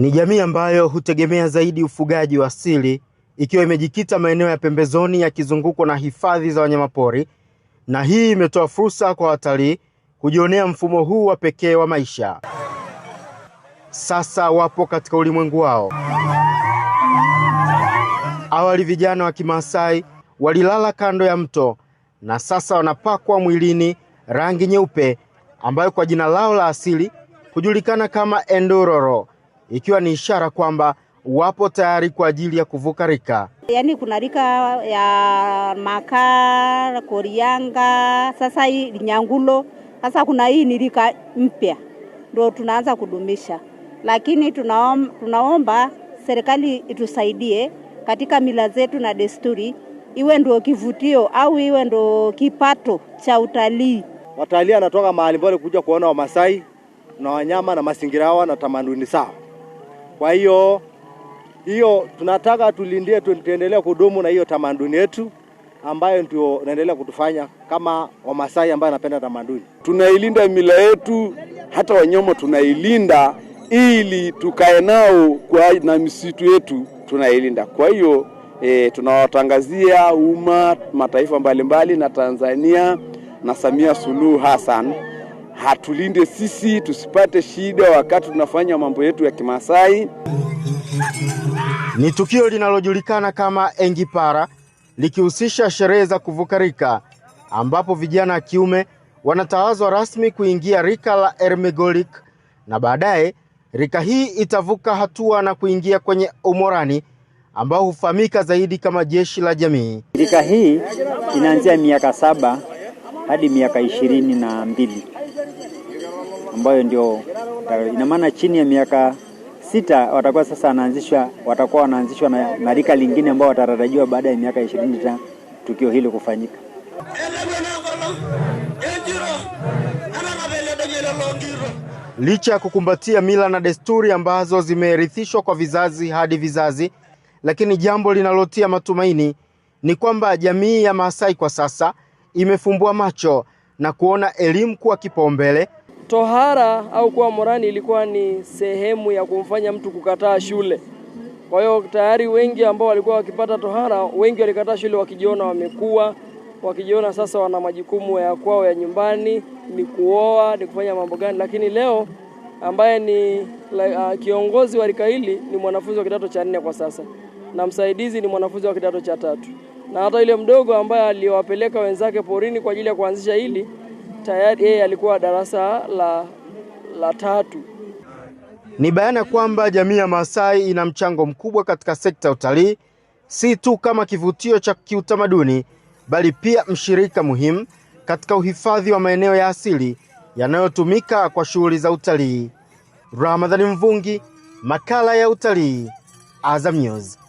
Ni jamii ambayo hutegemea zaidi ufugaji wa asili ikiwa imejikita maeneo ya pembezoni yakizungukwa na hifadhi za wanyamapori, na hii imetoa fursa kwa watalii kujionea mfumo huu wa pekee wa maisha. Sasa wapo katika ulimwengu wao. Awali vijana wa Kimaasai walilala kando ya mto na sasa wanapakwa mwilini rangi nyeupe ambayo kwa jina lao la asili hujulikana kama endororo ikiwa ni ishara kwamba wapo tayari kwa ajili ya kuvuka rika. Yaani kuna rika ya makaa Korianga, sasa hii Nyangulo, sasa kuna hii ni rika mpya ndio tunaanza kudumisha, lakini tunaom, tunaomba serikali itusaidie katika mila zetu na desturi, iwe ndio kivutio au iwe ndio kipato cha utalii. Watalii anatoka mahali mbali kuja kuona Wamasai na wanyama na mazingira yao na tamaduni zao. Kwa hiyo hiyo tunataka tulindie, tuendelee kudumu na hiyo tamaduni yetu ambayo ndio naendelea kutufanya kama Wamasai ambayo anapenda tamaduni. Tunailinda mila yetu, hata wanyama tunailinda ili tukae nao kwa na misitu yetu tunailinda. Kwa hiyo e, tunawatangazia umma mataifa mbalimbali mbali, na Tanzania na Samia Suluhu Hassan hatulinde sisi tusipate shida wakati tunafanya mambo yetu ya Kimasai. Ni tukio linalojulikana kama Engipara likihusisha sherehe za kuvuka rika ambapo vijana wa kiume wanatawazwa rasmi kuingia rika la Ermegolik na baadaye rika hii itavuka hatua na kuingia kwenye umorani ambao hufahamika zaidi kama jeshi la jamii. Rika hii inaanzia miaka saba hadi miaka ishirini na mbili ambayo ndio ina maana chini ya miaka sita watakuwa sasa wanaanzishwa, watakuwa wanaanzishwa na, na rika lingine ambao watatarajiwa baada ya miaka ishirini ta tukio hili kufanyika. Licha ya kukumbatia mila na desturi ambazo zimerithishwa kwa vizazi hadi vizazi, lakini jambo linalotia matumaini ni kwamba jamii ya Maasai kwa sasa imefumbua macho na kuona elimu kuwa kipaumbele tohara au kuwa morani ilikuwa ni sehemu ya kumfanya mtu kukataa shule. Kwa hiyo tayari wengi ambao walikuwa wakipata tohara, wengi walikataa shule wakijiona wamekuwa, wakijiona sasa wana majukumu ya kwao ya nyumbani, ni kuoa, ni kufanya mambo gani. Lakini leo ambaye ni la, uh, kiongozi wa rika hili ni mwanafunzi wa kidato cha nne kwa sasa, na msaidizi ni mwanafunzi wa kidato cha tatu, na hata yule mdogo ambaye aliwapeleka wenzake porini kwa ajili ya kuanzisha hili tayari yeye alikuwa darasa la, la tatu. Ni bayana kwamba jamii ya Maasai ina mchango mkubwa katika sekta ya utalii, si tu kama kivutio cha kiutamaduni, bali pia mshirika muhimu katika uhifadhi wa maeneo ya asili yanayotumika kwa shughuli za utalii. Ramadhani Mvungi, makala ya utalii, Azam News.